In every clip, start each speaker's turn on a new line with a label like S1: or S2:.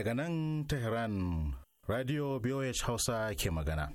S1: daga nan tehran
S2: radio bih hausa ke magana.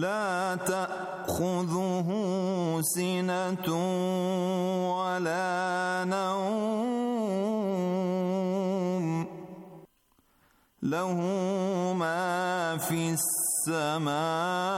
S3: لا تأخذه سنة ولا نوم له ما في السماوات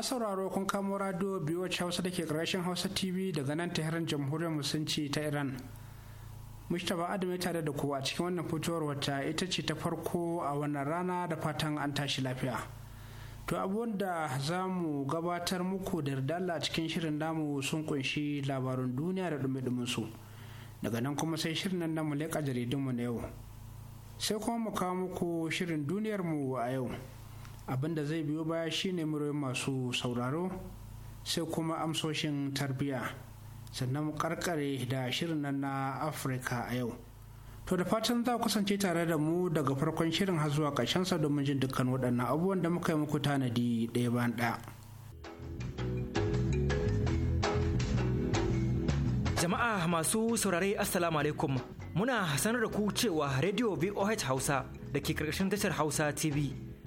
S4: masu sauraro kun kamo radio biyu hausa da ke ƙarshen hausa tv daga nan ta tehran jamhuriyar musulunci ta iran Mustapha Adam ya tare da kowa cikin wannan fitowar wata ita ce ta farko a wannan rana da fatan an tashi lafiya. To abubuwan da za mu gabatar muku da yardalla a cikin shirin namu sun kunshi labarun duniya da dumi su. Daga nan kuma sai shirin nan namu leƙa jaridunmu na yau. Sai kuma mu kawo muku shirin duniyarmu a yau. abinda zai biyo baya shine muryoyin masu sauraro sai kuma amsoshin tarbiyya sannan karkare da shirin nan na afirka a yau to da fatan za kasance tare da mu daga farkon shirin har zuwa sa domin jin dukkan waɗannan abubuwan da muka yi muku tanadi ɗaya bayan ɗaya
S5: jama'a masu saurare assalamu alaikum muna sanar da ku cewa radio voh hausa da ke karkashin tashar hausa tv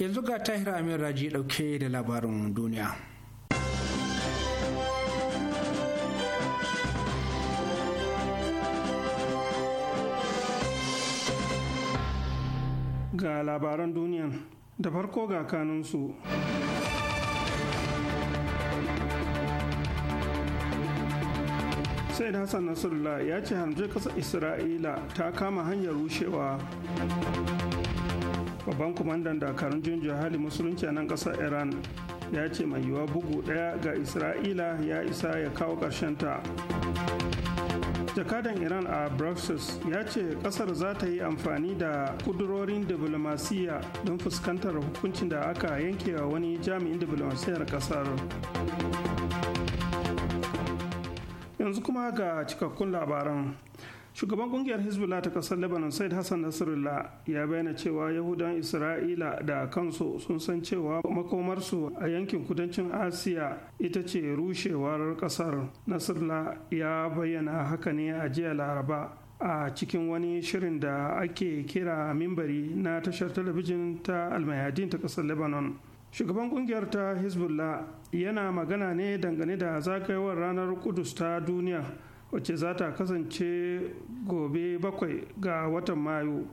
S4: yanzu ga tahir amin raji dauke da labarin duniya
S1: ga labaran duniyan da farko ga kanunsu Sai hassan nasrullah ya ce Hanzu kasar isra'ila ta kama hanyar rushewa babban kwamandan dakarun junjiyar hali musulunci a nan ƙasar iran ya ce mai yiwuwa bugu ɗaya ga isra'ila ya isa ya kawo ta. jakadan iran a brussels ya ce kasar za ta yi amfani da kudurorin diplomasiya don fuskantar hukuncin da aka yanke wa wani jami'in diplomasiyar kasar yanzu kuma ga cikakkun labaran shugaban kungiyar hezbollah ta kasar lebanon said hassan nasrullah ya bayyana cewa yahudan isra'ila da kansu sun san cewa makomarsu a yankin kudancin asiya ita ce rushewar kasar nasrullah ya bayyana haka ne a jiya laraba a cikin wani shirin da ake kira mimbari na tashar talabijin ta almayadin ta kasar lebanon shugaban kungiyar ta hezbollah yana magana ne dangane da zagayowar ranar kudus ta duniya wacce za ta kasance gobe bakwai ga watan mayu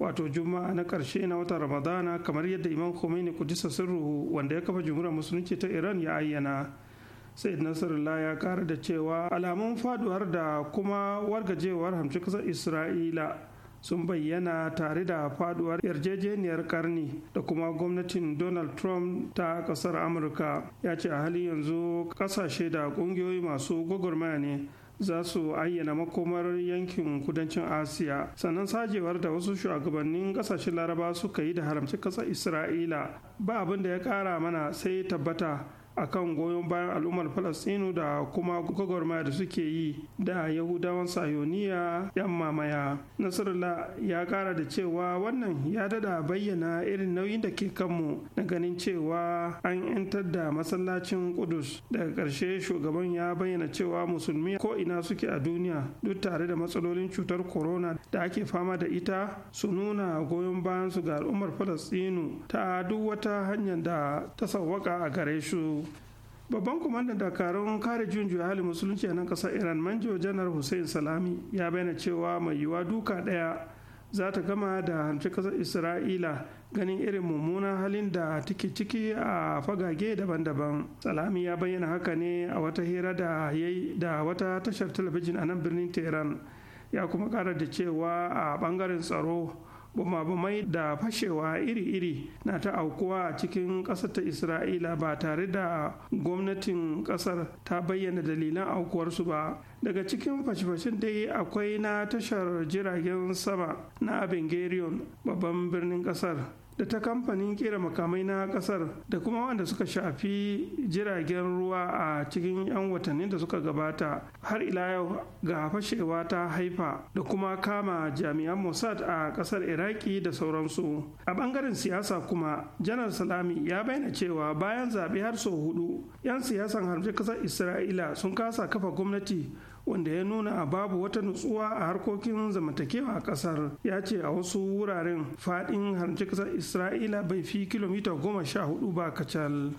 S1: wato juma'a na ƙarshe na watan ramadana kamar yadda imam khomeini kudisa sirruhu wanda ya kafa jumhuriyar musulunci ta iran ya ayyana sai Nasarallah ya kara da cewa alamun faduwar da kuma wargajewar hamci kasar isra'ila sun bayyana tare da faduwar yarjejeniyar karni da kuma gwamnatin donald trump ta kasar amurka ya ce a halin yanzu kasashe da kungiyoyi masu gwagwarmaya ne za su ayyana makomar yankin kudancin asiya sannan sajewar da wasu shugabannin kasashen laraba suka yi da haramci kasar isra'ila ba abin da ya kara mana sai tabbata akan goyon bayan al'ummar falastinu da kuma gwagwarmaya da suke yi da yahudawan sayoniya yan mamaya nasarala ya kara da cewa wannan ya dada bayyana irin nauyin da ke kanmu na ganin cewa an 'yantar da masallacin kudus daga karshe shugaban ya bayyana cewa musulmi ko ina suke a duniya duk tare da matsalolin cutar corona da ake fama da ita su nuna goyon bayan su ga al'ummar falastinu ta duk wata hanyar da ta sawwaka a gare su babban kwamandan dakarun kare juyin juya hali musulunci a nan kasar iran manjo janar hussein salami ya bayyana cewa mai yiwuwa duka daya za ta gama da hanci kasar isra'ila ganin irin mummunan halin da take ciki a fagage daban-daban salami ya bayyana haka ne a wata hira da yayi da wata tashar talabijin a nan birnin tehran ya kuma kara da cewa a bangaren tsaro bumabumai da fashewa iri-iri na ta aukuwa a cikin ƙasar ta isra'ila ba tare da gwamnatin ƙasar ta bayyana dalilan aukuwarsu ba daga cikin fashe-fashen dai akwai na tashar jiragen sama na abin babban birnin ƙasar da ta kamfanin kera makamai na kasar da kuma wanda suka shafi jiragen ruwa a cikin 'yan watanni da suka gabata har ila yau ga fashewa ta haifa da kuma kama jami'an mossad a kasar iraki da sauransu a bangaren siyasa kuma janar salami ya bayyana cewa bayan zaɓe har sau hudu 'yan siyasan harbe kasar isra'ila sun kasa kafa gwamnati wanda ya nuna babu wata nutsuwa a harkokin zamantakewa a kasar ya ce a wasu wuraren fadin haramci kasar isra'ila bai fi kilomita goma sha hudu ba kacal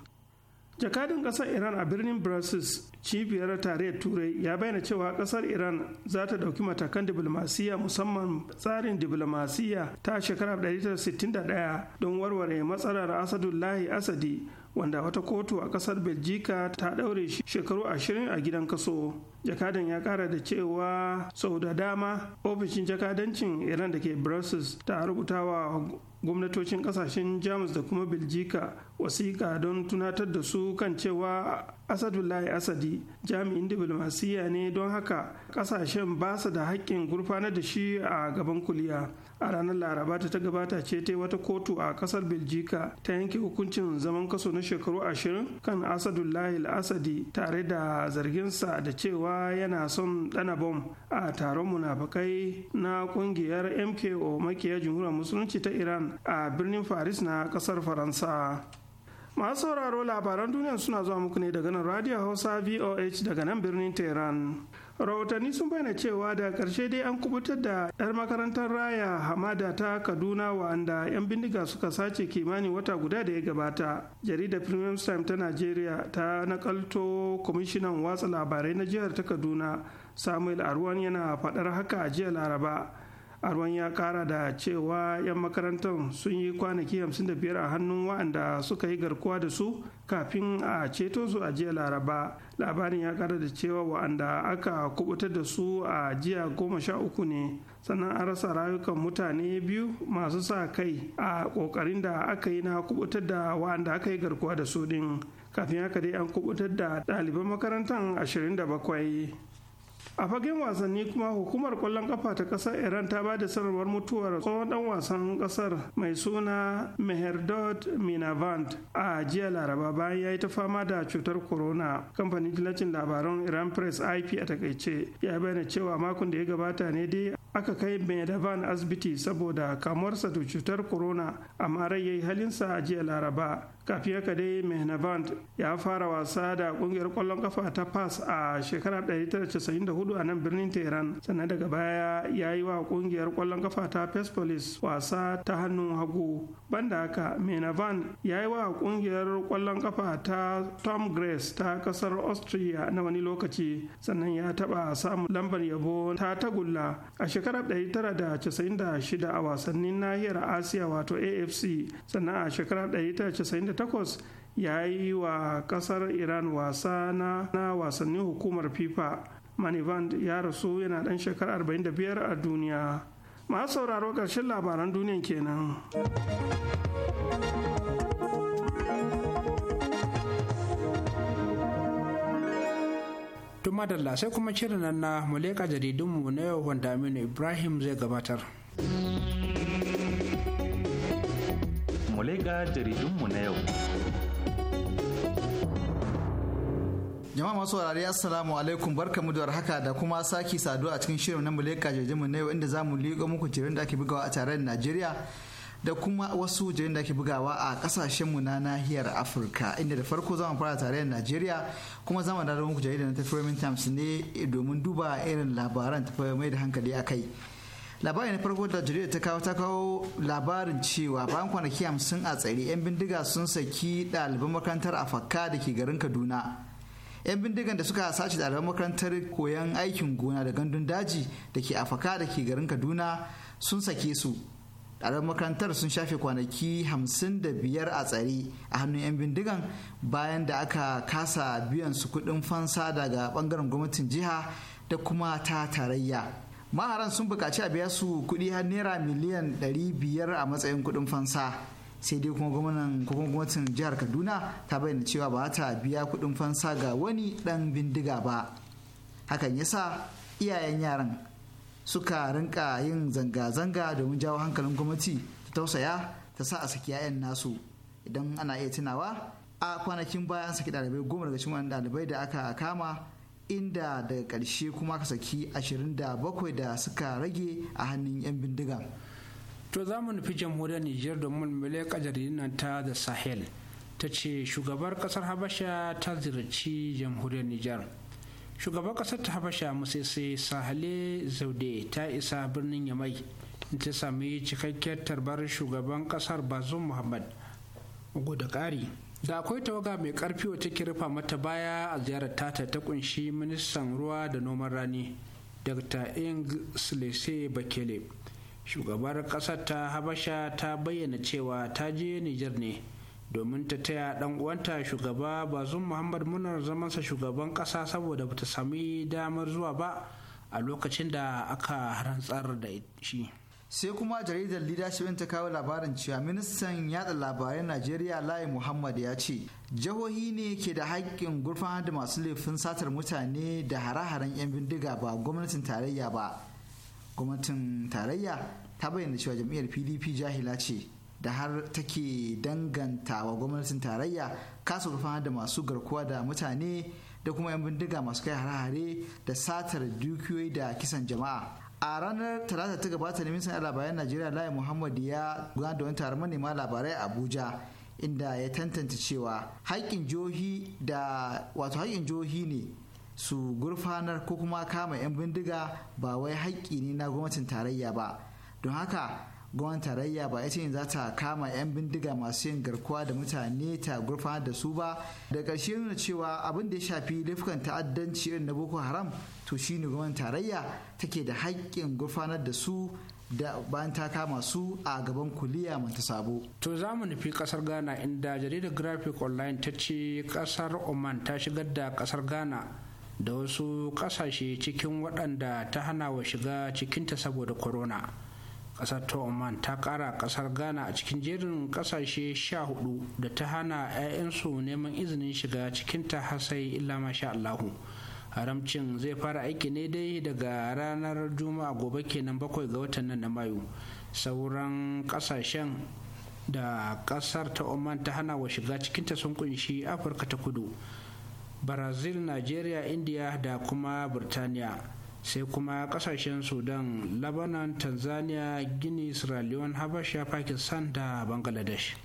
S1: jakadin kasar iran a birnin brussels cibiyar tarayyar turai ya bayyana cewa kasar iran za ta dauki matakan diplomasiya musamman tsarin diplomasiya ta shekarar 1961 don warware matsalar asadullahi asadi wanda wata kotu a kasar Beljika ta ɗaure shekaru ashirin a gidan kaso. Jakadan ya ƙara da cewa sau da dama ofishin jakadancin Iran da ke Brussels ta rubutawa wa gwamnatocin kasashen jamus da kuma biljika wasiƙa don tunatar da su kan cewa asadullahi asadi jami'in diplomasiyya ne don haka kasashen ba su da haƙƙin gurfanar da shi a gaban kuliya a ranar laraba ta ta gabata ce ta wata kotu a ƙasar biljika ta yanke hukuncin zaman kaso na shekaru ashirin kan asadullahi asadi tare da zarginsa da cewa yana son dana bom a taron munafakai na ƙungiyar mko makiya jamhuriyar musulunci ta iran a birnin Faris na kasar Faransa. Masu sauraro labaran duniya suna zuwa muku ne daga nan Radio Hausa VOH daga nan birnin Tehran. Rahotanni sun bayyana cewa da karshe dai an kubutar da 'yar makarantar raya hamada ta Kaduna wa'anda 'yan bindiga suka sace kimanin wata guda da ya gabata. Jaridar Premium Time ta Najeriya ta nakalto kwamishinan watsa labarai na jihar ta Kaduna Samuel Arwan yana faɗar haka a jiya Laraba. arwan ya kara da cewa 'yan makarantar sun yi kwanaki 55 a hannun waɗanda suka yi garkuwa da su kafin a ceto su a jiya laraba labarin ya kara da cewa wa'anda aka kubutar da su a jiya goma sha uku ne sannan an rasa rayukan mutane biyu masu sa kai a ƙoƙarin da aka yi na kubutar da wa'anda aka yi garkuwa da su din, kafin haka dai an kubutar da ɗaliban makarantar 27 a fagen wasanni kuma hukumar kwallon kafa ta kasar iran ta ba da sanarwar mutuwar tsohon dan wasan kasar mai suna meherdod minavand a jiya laraba bayan ya yi ta fama da cutar corona kamfanin jilacin labaran iran press ip a takaice ya bayyana cewa makon da ya gabata ne dai aka kai medavan asibiti saboda kamuwarsa da cutar corona amma rai ya yi halinsa a jiya laraba kafiya ka dai mehnavant ya fara wasa da kungiyar kwallon kafa ta pass a shekarar 1994 a nan birnin tehran sannan daga baya ya yi wa kungiyar kwallon kafa ta persepolis wasa ta hannun hagu banda haka mehnavant ya yi wa kungiyar kwallon kafa ta tom grace ta kasar austria na wani lokaci sannan ya taba samun lambar yabo ta tagulla a shekarar 1996 a wasannin nahiyar asiya wato afc sannan a shekarar takwas ya yi wa kasar iran wasa na wasannin hukumar fifa manivand ya rasu yana dan shekara 45 a duniya masu sauraro ƙarshen labaran duniyan kenan
S4: tun madalla sai kuma shirin nan na muleka jaridunmu na yau wanda aminu ibrahim zai gabatar.
S1: mu ga jaridunmu na yau.
S6: jama'a masu wurare assalamu alaikum mu da haka da kuma saki saduwa a cikin shirin na muleka jirginmu na yau inda za mu liƙo muku jirin da ake bugawa a tarayyar najeriya da kuma wasu jirin da ake bugawa a kasashen mu na nahiyar afirka inda da farko zamu fara tarayyar najeriya kuma zamu dawo muku jarida na tafiyoyin times ne domin duba irin labaran tafiyoyin mai da hankali a kai labarin na farko da jarida ta kawo ta kawo labarin cewa bayan kwanaki hamsin a tsare 'yan bindiga sun saki ɗaliban makarantar a fakka da ke garin kaduna 'yan bindigan da suka sace ɗaliban makarantar koyon aikin gona da gandun daji da ke afaka da ke garin kaduna sun sake su ɗaliban makarantar sun shafe kwanaki hamsin da biyar a tsare a hannun 'yan bindigan bayan da aka kasa biyan su kuɗin fansa daga ɓangaren gwamnatin jiha da kuma ta tarayya maharan sun buƙaci a biya su kuɗi har naira miliyan 500 a matsayin kuɗin fansa sai dai kuma gwamnan gwamnatin jihar kaduna ta bayyana cewa ba ta biya kuɗin fansa ga wani ɗan bindiga ba hakan ya sa iyayen yaran suka rinka yin zanga-zanga domin jawo hankalin gwamnati ta tausaya ta sa a saki 'ya'yan nasu idan ana iya tunawa a kwanakin bayan saki ɗalibai goma daga cikin ɗalibai da aka kama inda daga ƙarshe kuma ka saki 27 da suka rage a hannun 'yan bindiga. To za mu nufi jamhuriyar Nijar domin mulka nan ta da
S4: Sahel ta ce shugabar kasar Habasha ta ziyarci jamhuriyar Nijar. Shugabar kasar ta Habasha sai Sahale Zaude ta isa birnin Yamai ta sami cikakkiyar tarbar shugaban kasar Bazum Muhammad. Ugu da ƙari da akwai tawaga mai karfi wacce ke rufa mata baya a ziyarar tata ta kunshi ministan ruwa da noman rani dr ing Slese bakele shugabar kasar ta habasha ta bayyana cewa ta je nijar ne domin ta taya dan uwanta shugaba bazum muhammad munar zamansa shugaban kasa saboda
S6: bata sami damar zuwa ba a lokacin da aka rantsar da shi sai kuma jaridar leadership ta kawo labarin cewa ministan yada labarai najeriya layi muhammad ya ce jihohi ne ke da haƙƙin gurfanar da masu laifin satar mutane da hare-haren 'yan bindiga ba gwamnatin tarayya ba gwamnatin tarayya ta bayyana cewa jam'iyyar pdp jahila ce da har take danganta wa gwamnatin tarayya kasa gurfanar da masu garkuwa da mutane da kuma 'yan bindiga masu kai hare-hare da satar dukiyoyi da kisan jama'a a ranar talata ta gabata ne ministan labaran najeriya lai muhammad ya gudanar da wani taron manema labarai a abuja inda ya tantance cewa haƙƙin jihohi da wato haƙƙin jihohi ne su gurfanar ko kuma kama 'yan bindiga ba wai haƙƙi ne na gwamnatin tarayya ba don haka gwamnatin tarayya ba ita ne za ta kama 'yan bindiga masu yin garkuwa da mutane ta gurfanar da su ba da ƙarshe nuna cewa abin da ya shafi laifukan ta'addanci irin na boko haram to shine gwamnatin tarayya take da haƙƙin gurfanar da su da bayan ta kama su a gaban kuliya mata sabo. To za mu nufi kasar Ghana
S4: inda jaridar Graphic Online ta ce kasar Oman ta shigar da kasar Ghana da wasu kasashe cikin waɗanda ta hana wa shiga cikinta saboda corona. kasar ta oman ta kara kasar ghana a cikin jerin kasashe sha hudu da ta hana 'ya'yansu neman izinin shiga cikin ta hasai illa masha allahu haramcin zai fara aiki ne dai daga ranar juma'a gobe kenan bakwai ga watan nan na mayu sauran kasashen da kasar ta oman ta hana wa shiga cikinta sun kunshi afirka ta kudu brazil nigeria india da kuma birtaniya sai kuma kasashen sudan lebanon tanzania guinea sierra habasha pakistan da bangladesh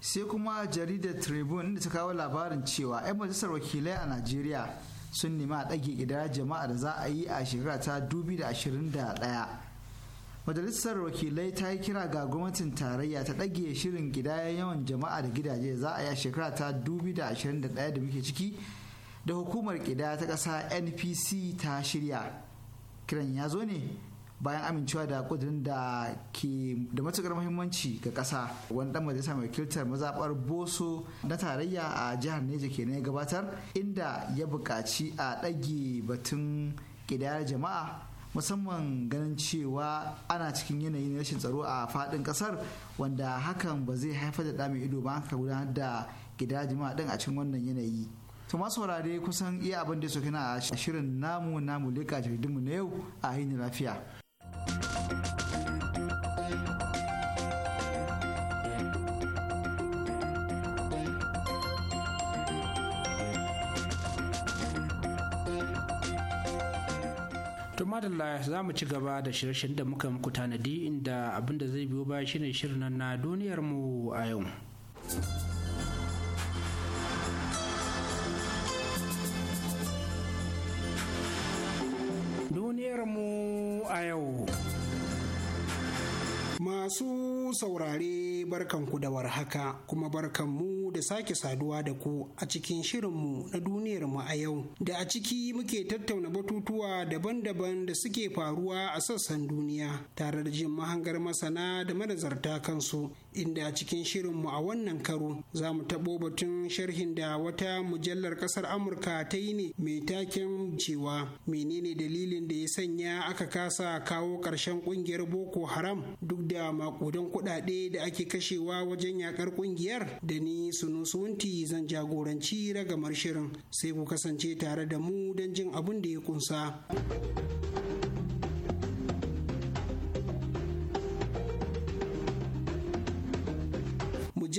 S6: sai kuma jaridar tribune da ta kawo labarin cewa 'yan majalisar wakilai a najeriya sun nemi a ɗage gidara jama'a da za a yi a shekara ta 2021 majalisar wakilai ta yi kira ga gwamnatin tarayya ta ɗage shirin gidayen yawan jama'a da gidaje za a yi a shekara ta 2021 da muke ciki da hukumar gida ta ƙasa npc ta shirya kiran ya zo ne bayan amincewa da kudin da ke da matukar muhimmanci ga kasa wani dan majalisa mai wakiltar mazabar boso na tarayya a jihar neja kenan ya gabatar inda ya buƙaci a ɗage batun ƙidayar jama'a musamman ganin cewa ana cikin yanayin rashin tsaro a faɗin ƙasar wanda hakan ba zai haifar da ɗamin ido ba haka gudanar da ƙidayar jama'a ɗin a cikin wannan yanayi to saurare kusan iya abin da suke na a shirin namu namu leka jaridunmu na yau a hanyar lafiya.
S4: madalla za mu ci gaba da shirye da muka muku tanadi inda abinda zai biyo baya ne shirin na duniyarmu a yau.
S2: mu a yau. Masu saurare barkanku da warhaka kuma barkanmu da sake saduwa da ku a cikin shirinmu na duniyarmu a yau da a ciki muke tattauna batutuwa daban-daban da suke faruwa a sassan duniya tare da jin mahangar masana da manazarta kansu inda a cikin shirinmu a wannan karo za mu taɓo batun sharhin da wata mujallar ƙasar amurka ta yi ne mai taken cewa menene dalilin da ya sanya aka kasa kawo ƙarshen ƙungiyar boko haram duk da a makudan kuɗaɗe da ake kashewa wajen yakar kungiyar da ni sunusunti zan jagoranci ragamar shirin sai ku kasance tare da mu don jin abin da ya kunsa.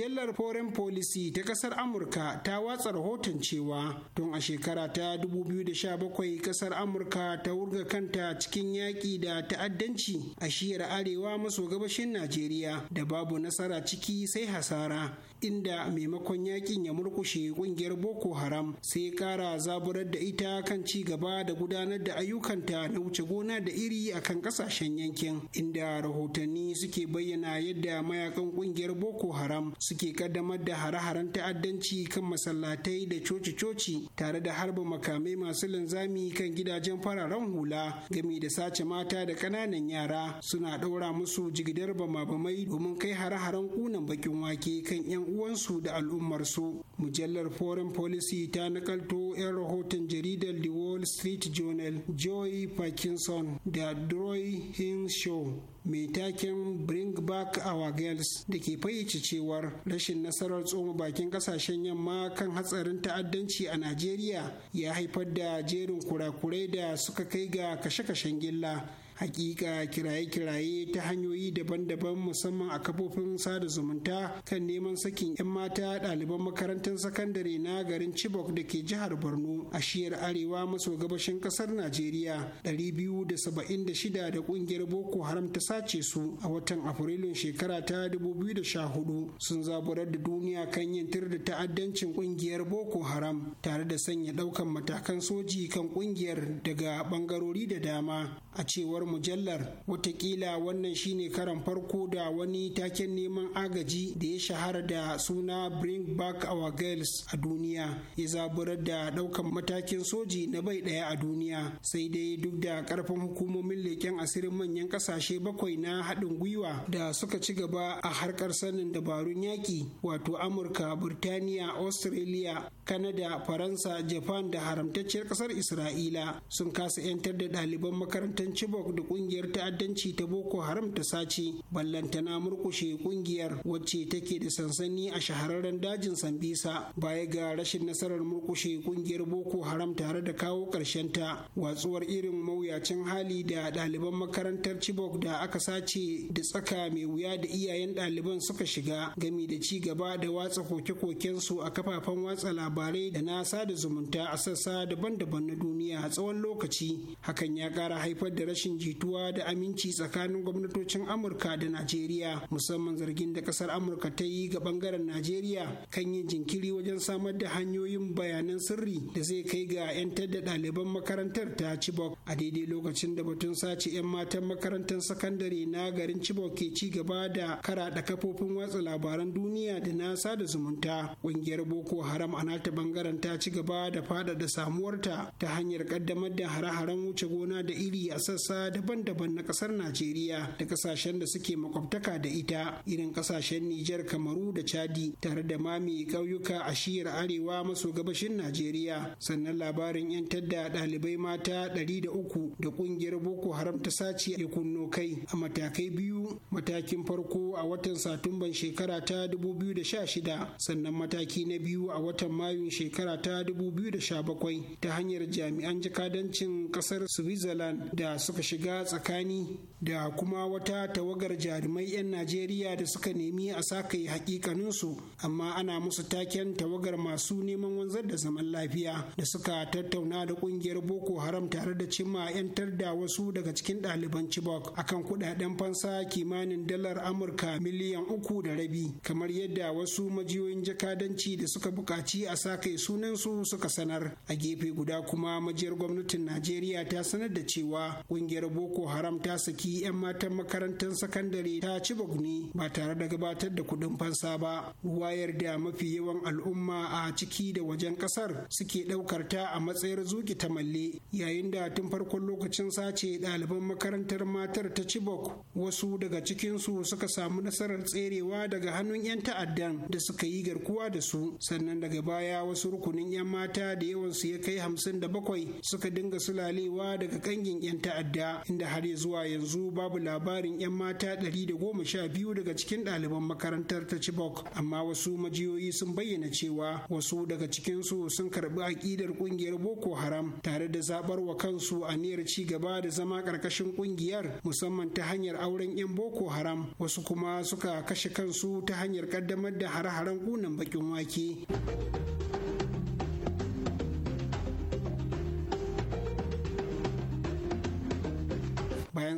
S2: mujallar foreign policy ta kasar amurka ta watsa rahoton cewa tun a shekara ta 2017 kasar amurka ta wurga kanta cikin yaƙi da ta'addanci a shiyar arewa maso gabashin najeriya da babu nasara ciki sai hasara inda maimakon yakin ya murkushe kungiyar boko haram sai ya kara zaburar da ita kan ci gaba da gudanar da ayyukanta na wuce gona da iri a kan kasashen yankin inda rahotanni suke bayyana yadda mayakan kungiyar boko haram suke kaddamar da hare-haren ta'addanci kan masallatai da coci-coci tare da harba makamai masu linzami kan gidajen fararen hula gami da sace mata da ƙananan yara suna ɗaura musu jigidar bama-bamai domin kai hare-haren kunan bakin wake kan 'yan uwansu da al'ummarsu mujallar foreign policy ta nakalto 'yan rahoton jaridar the wall street journal joy parkinson da droy hinshaw mai taken bring back our girls da ke fayyace cewar rashin nasarar tsoma bakin kasashen yamma kan hatsarin ta'addanci a najeriya ya haifar da jerin kurakurai da suka kai ga kashe-kashen gilla hakika kiraye-kiraye ta hanyoyi daban-daban musamman a kafofin sada zumunta kan neman sakin 'yan mata ɗaliban makarantar sakandare na garin chibok da ke jihar borno a shiyar arewa maso gabashin ƙasar najeriya 276 da ƙungiyar boko haram ta sace su a watan afrilun shekara ta 2014 sun zaburar da duniya kan yin tir da ta'addancin ƙungiyar boko haram tare da sanya ɗaukan matakan soji kan ƙungiyar daga bangarori da dama a cewar mujallar watakila wannan shine karan farko da wani taken neman agaji da ya shahara da suna bring back our girls a duniya ya zaburar da ɗaukar matakin soji na bai ɗaya a duniya sai dai duk da karfin hukumomin leken asirin manyan ƙasashe bakwai na haɗin gwiwa da suka ci gaba a harkar sanin dabarun yaƙi wato amurka burtaniya australia kanada faransa japan da haramtacciyar ƙasar isra'ila sun kasa 'yantar da ɗaliban makarantar chibok da kungiyar ta'addanci ta boko haram ta sace ballantana murkushe kungiyar wacce take da sansani a shahararren dajin sambisa baya ga rashin nasarar murkushe kungiyar boko haram tare da kawo ƙarshen ta watsuwar irin mawuyacin hali da ɗaliban makarantar chibok da aka sace da tsaka mai wuya da iyayen ɗaliban suka shiga gami da ci gaba da watsa koke-kokensu a kafafen watsa labarai da na sada zumunta a sassa daban-daban na duniya a tsawon lokaci hakan ya ƙara haifar da rashin jituwa da aminci tsakanin gwamnatocin amurka da najeriya musamman zargin da kasar amurka ta yi ga bangaren najeriya kan yin jinkiri wajen samar da hanyoyin bayanan sirri da zai kai ga 'yantar da ɗaliban makarantar ta chibok a daidai lokacin da batun sace 'yan matan makarantar sakandare na garin chibok ke ci gaba da karaɗa kafofin watsa labaran duniya da na sada zumunta ƙungiyar boko haram a nata bangaren ta ci gaba da da samuwarta ta hanyar ƙaddamar da hare-haren wuce gona da iri a sassa daban-daban na ƙasar Najeriya da ƙasashen da suke makwabtaka da ita irin ƙasashen Nijar, Kamaru da Chadi tare da mami ƙauyuka a shiyar arewa maso gabashin Najeriya. Sannan labarin 'yan tadda ɗalibai mata 300 da ƙungiyar Boko Haram ta sace ya kunno kai a matakai biyu matakin farko a watan Satumban shekara ta 2016 sannan mataki na biyu a watan Mayu shekara ta 2017 ta hanyar jami'an jakadancin ƙasar Switzerland da suka shiga shiga tsakani da kuma wata tawagar jarumai 'yan Najeriya da suka nemi a sakai hakikaninsu amma ana musu taken tawagar masu neman wanzar da zaman lafiya da suka tattauna da kungiyar Boko Haram tare da cimma 'yantar da wasu daga cikin ɗaliban Chibok akan kuɗaɗen fansa kimanin dalar Amurka miliyan uku da rabi kamar yadda wasu majiyoyin jakadanci da suka buƙaci a sakai sunansu suka sanar a gefe guda kuma majiyar gwamnatin Najeriya ta sanar da cewa kungiyar boko haram ta saki 'yan matan makarantar sakandare ta cibok ne ba tare da gabatar da kuɗin fansa ba wayar da mafi yawan al'umma a ciki da wajen ƙasar suke ɗaukar ta a matsayar zuki ta malle yayin da tun farkon lokacin sace ɗaliban makarantar matar ta cibok wasu daga cikinsu suka samu nasarar tserewa daga hannun 'yan ta'addan da suka yi garkuwa da su sannan daga baya wasu rukunin 'yan mata da yawansu ya kai hamsin da bakwai suka dinga sulalewa daga kangin 'yan ta'adda inda har zuwa yanzu babu labarin 'yan mata ɗari da goma sha biyu daga cikin ɗaliban makarantar ta Chibok, amma wasu majiyoyi sun bayyana cewa wasu daga cikinsu sun karɓi aƙidar ƙungiyar Boko Haram tare da zabar wa kansu aniyar ci gaba da zama ƙarƙashin ƙungiyar musamman ta hanyar auren 'yan Boko Haram, wasu kuma suka kashe kansu ta hanyar ƙaddamar da hare-haren ƙunan baƙin wake.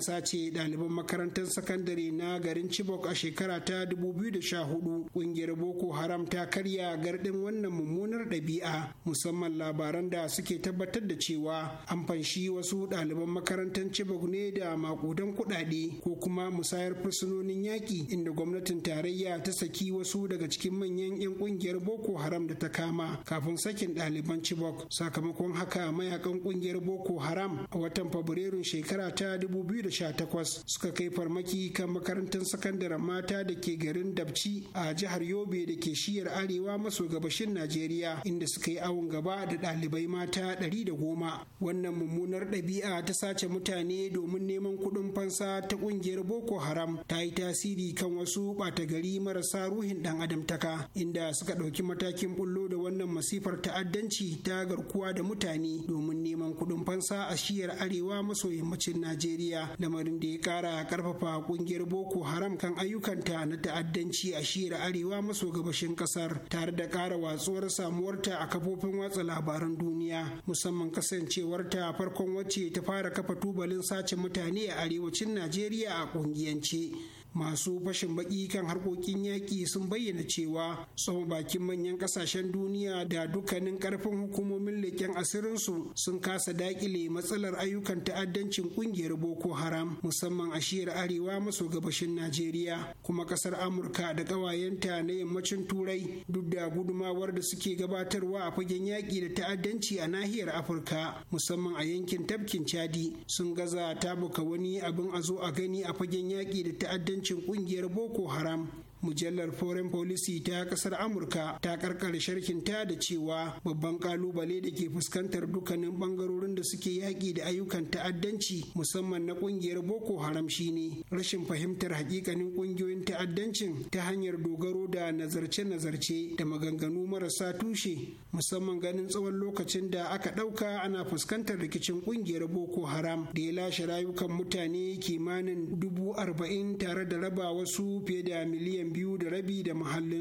S2: sace ɗaliban makarantar sakandare na garin Chibok a shekara ta 2014 ƙungiyar Boko Haram ta karya gardin wannan mummunar ɗabi'a musamman labaran da suke tabbatar da cewa an fanshi wasu ɗaliban makarantar Chibok ne da makudan kuɗaɗe ko kuma musayar fursunonin yaƙi inda gwamnatin tarayya ta saki wasu daga cikin manyan 'yan ƙungiyar Boko Haram da ta kama kafin sakin ɗaliban Chibok sakamakon haka mayakan ƙungiyar Boko Haram a watan Fabrairun shekara ta 2000 2018 suka kai farmaki kan makarantar sakandaren mata da ke garin Dabci a jihar Yobe da ke shiyar arewa maso gabashin Najeriya inda suka yi awon gaba da ɗalibai mata 110. Wannan mummunar ɗabi'a ta sace mutane domin neman kuɗin fansa ta ƙungiyar Boko Haram ta yi tasiri kan wasu ɓata gari marasa ruhin ɗan adamtaka inda suka ɗauki matakin bullo da wannan masifar ta'addanci ta garkuwa da mutane domin neman kuɗin fansa a shiyar arewa maso yammacin Najeriya lamarin da ya kara karfafa kungiyar boko haram kan ayyukanta na ta'addanci a shira arewa maso gabashin kasar tare da kara watsuwar samuwarta a kafofin watsa labaran duniya musamman kasancewarta farkon wacce ta fara kafa tubalin sace mutane a arewacin najeriya a kungiyance masu fashin baki kan harkokin yaƙi sun bayyana cewa tsawon bakin manyan ƙasashen duniya da dukkanin ƙarfin hukumomin leƙen asirinsu sun kasa daƙile matsalar ayyukan ta'addancin ƙungiyar boko haram musamman a shiyar arewa maso gabashin najeriya kuma ƙasar amurka da ƙawayenta na yammacin turai duk da gudumawar da suke gabatarwa a fagen yaƙi da ta'addanci a nahiyar afirka musamman a yankin tafkin chadi sun gaza tabuka wani abin a zo a gani a fagen yaƙi da ta'addanci ta'addancin kungiyar boko haram mujallar foreign policy ta kasar amurka ta karkar ta da cewa babban kalubale da ke fuskantar dukkanin bangarorin da suke yaƙi da ayyukan ta'addanci musamman na ƙungiyar boko haram shine rashin fahimtar hakikanin ƙungiyoyin ta'addancin ta hanyar dogaro da nazarce-nazarce da maganganu marasa tushe musamman ganin tsawon lokacin da aka ɗauka ana fuskantar rikicin ƙungiyar boko haram da ya lashe rayukan mutane kimanin dubu arba'in tare da raba wasu fiye da miliyan biyu da rabi da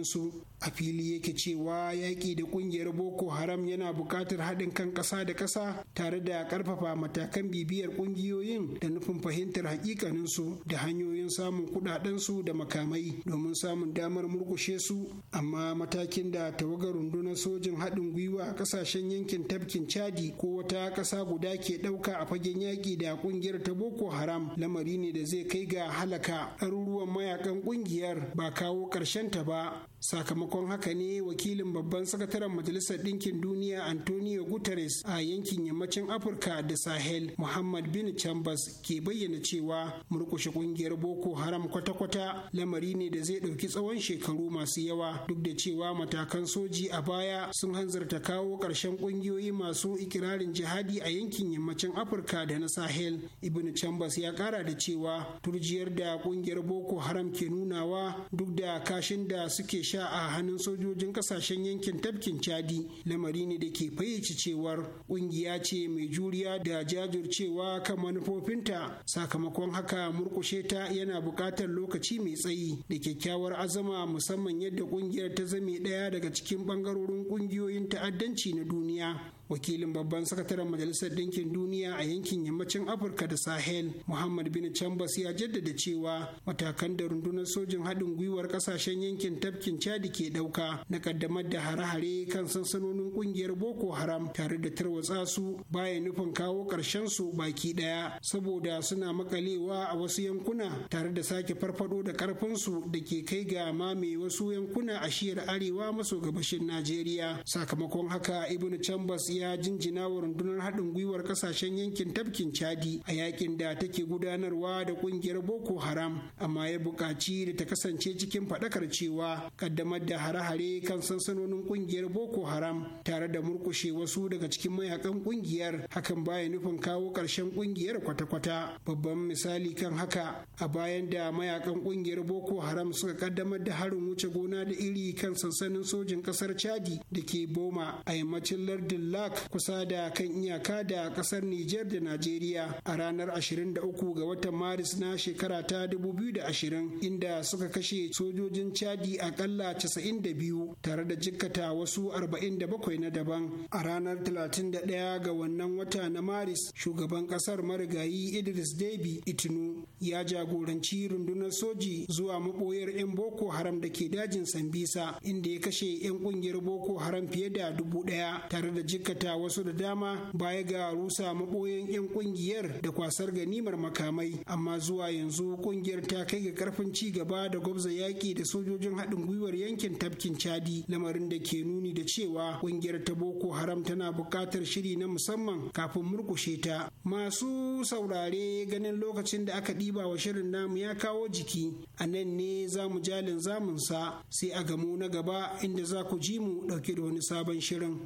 S2: su. a fili yake cewa yaƙi da ƙungiyar boko haram yana buƙatar haɗin kan ƙasa da ƙasa tare da ƙarfafa matakan bibiyar ƙungiyoyin da nufin fahimtar haƙiƙaninsu da hanyoyin samun kuɗaɗensu da makamai domin samun damar murƙushe su amma matakin da tawagar rundunar sojin haɗin gwiwa a ƙasashen yankin tafkin chadi ko wata ƙasa guda ke ɗauka a fagen yaƙi da ƙungiyar ta boko haram lamari ne da zai kai ga halaka ɗaruruwan mayakan ƙungiyar ba kawo ƙarshen ta ba sakamakon haka ne wakilin babban sakataren majalisar ɗinkin duniya antonio guterres a yankin yammacin afirka da sahel muhammad bin chambers ke bayyana cewa murkushe kungiyar boko haram kwata-kwata lamari ne da zai ɗauki tsawon shekaru masu yawa duk da cewa matakan soji a baya sun hanzarta kawo ƙarshen ƙungiyoyi masu ikirarin jihadi a yankin yammacin afirka da na sahel ibn chambers ya ƙara da cewa turjiyar da ƙungiyar boko haram ke nunawa duk da kashin da suke sha a hannun sojojin kasashen yankin tafkin chadi lamari ne da ke fayyace cewar kungiya ce mai juriya da jajircewa kan manufofinta sakamakon haka murkushe ta yana buƙatar lokaci mai tsayi da kyakkyawar azama musamman yadda kungiyar ta zame ɗaya daga cikin bangarorin ƙungiyoyin ta'addanci na duniya wakilin babban sakataren majalisar ɗinkin duniya a yankin yammacin afirka da sahel muhammad bin chambers ya jaddada cewa matakan da rundunar sojin haɗin gwiwar ƙasashen yankin tafkin chadi ke ɗauka na ƙaddamar da hare-hare kan sansanonin ƙungiyar boko haram tare da tarwatsa su baya nufin kawo ƙarshen su baki ɗaya saboda suna makalewa a wasu yankuna tare da sake farfado da ƙarfin su da ke kai ga mame wasu yankuna a shiyar arewa maso gabashin najeriya sakamakon haka ibn chambers ya ya jinjina wa rundunar haɗin gwiwar ƙasashen yankin tafkin chadi a yakin da take gudanarwa da ƙungiyar boko haram amma ya buƙaci da ta kasance cikin faɗakar cewa ƙaddamar da hare-hare kan sansanonin ƙungiyar boko haram tare da murƙushe wasu daga cikin mayakan ƙungiyar hakan baya nufin kawo ƙarshen ƙungiyar kwata-kwata babban misali kan haka a bayan da mayakan ƙungiyar boko haram suka ƙaddamar da harin wuce gona da iri kan sansanin sojin ƙasar chadi da ke boma a yammacin lardin lak Chad kusa da kan iyaka da kasar Nijar da Najeriya a ranar 23 ga watan Maris na shekara ta 2020 inda suka kashe sojojin Chadi akalla 92 tare da jikkata wasu 47 na daban a ranar 31 ga wannan wata na Maris shugaban kasar marigayi Idris Deby Itinu ya jagoranci rundunar soji zuwa maboyar 'yan Boko Haram da ke dajin Sambisa inda ya kashe 'yan kungiyar Boko Haram fiye da dubu ɗaya tare da jikka jikkata wasu da dama baya ga rusa maboyan 'yan ƙungiyar da kwasar ganimar makamai amma zuwa yanzu ƙungiyar ta kai ga karfin ci gaba da gwabza yaki da sojojin haɗin gwiwar yankin tafkin chadi lamarin da ke nuni da cewa ƙungiyar ta boko haram tana buƙatar shiri na musamman kafin murkushe ta masu saurare ganin lokacin da aka ɗiba wa shirin namu ya kawo jiki a nan ne za mu jalin zamunsa sai a gamu na gaba inda za ku ji mu ɗauke da wani sabon shirin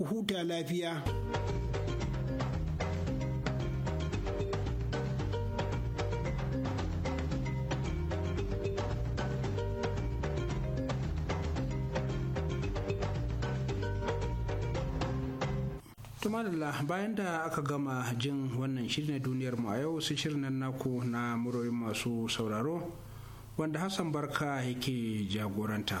S2: ku huta lafiya.
S4: tumadala bayan da aka gama jin wannan shirin duniyar mu a yau sai shirin nan naku na muroyin masu sauraro wanda hassan barka yake jagoranta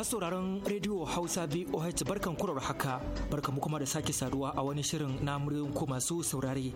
S5: Masu sauraron Radio Hausa boh barkan kurar haka barkan kuma da sake saduwa a wani shirin na muryoyin ku masu saurare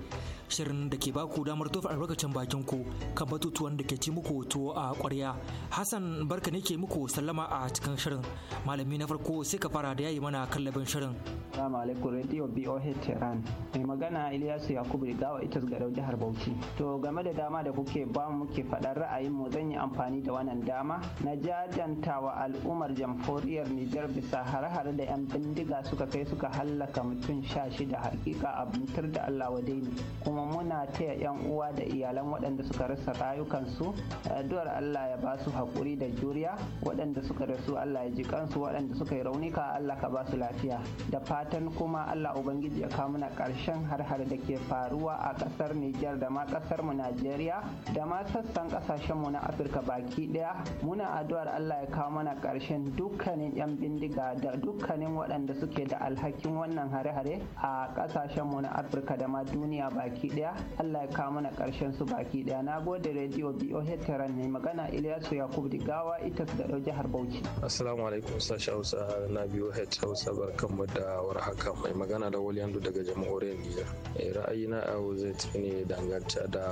S5: shirin da ke baku damar tofa albarkacin bakin ku kan batutuwan da ke ci muku tuwo a kwarya Hassan barka ne ke muku sallama a cikin shirin malami na farko sai ka fara da yayi mana kallabin shirin.
S7: Assalamu alaikum Radio BOH Tehran mai magana Ilyasu Yakubu gawa ita garau jihar Bauchi. To game da dama da kuke ba muke faɗar ra'ayin mu zan yi amfani da wannan dama na jajantawa al'ummar jamhuriyar jamhuriyar Nijar bisa hare-hare da 'yan bindiga suka kai suka hallaka mutum sha shida hakika abintar da Allah wadai ne kuma muna taya 'yan uwa da iyalan waɗanda suka rasa rayukansu addu'ar Allah ya ba su haƙuri da juriya waɗanda suka rasu Allah ya ji kansu waɗanda suka yi raunika Allah ka ba su lafiya da fatan kuma Allah ubangiji ya kawo mana ƙarshen har hare da ke faruwa a ƙasar Nijar da ma ƙasar mu Najeriya da ma sassan ƙasashen mu na Afirka baki ɗaya muna addu'ar Allah ya kawo mana ƙarshen duk dukkanin 'yan bindiga da dukkanin waɗanda suke da alhakin wannan hare-hare a ƙasashen mu na afirka da ma duniya baki ɗaya allah ya kawo mana ƙarshen su baki ɗaya na gode rediyo boh taran ne magana ilyasu yakub digawa ita da ɗau jihar bauchi
S8: assalamu alaikum sashi hausa na het hausa mu da warhaka mai magana da waliyandu daga jamhuriyar nijar eh, ra'ayina a zai ne dangance da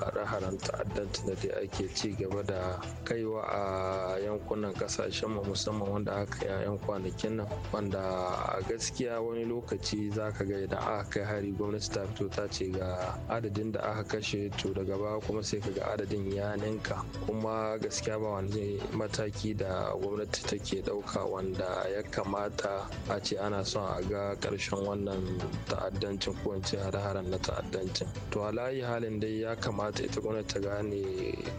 S8: hare-haren ta'addanci da ake ci gaba da kaiwa a yankunan kasashen mu musamman wanda aka kai yan kwanakin nan wanda a gaskiya wani lokaci za ka ga idan aka kai hari gwamnati ta fito ta ce ga adadin da aka kashe to daga baya kuma sai ka ga adadin ya ninka kuma gaskiya ba wani mataki da gwamnati take ɗauka wanda ya kamata a ce ana son a ga ƙarshen wannan ta'addancin ko in ce hare-haren na ta'addancin to a layi halin dai ya kamata ita gwamnati ta gane